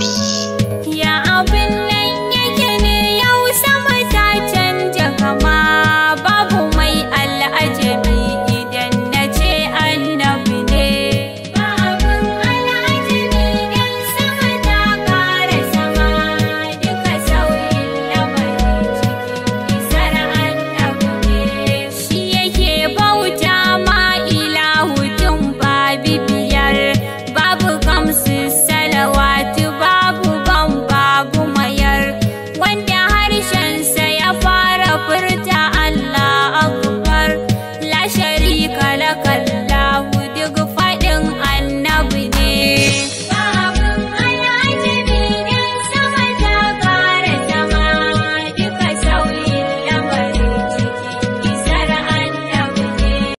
Crisps.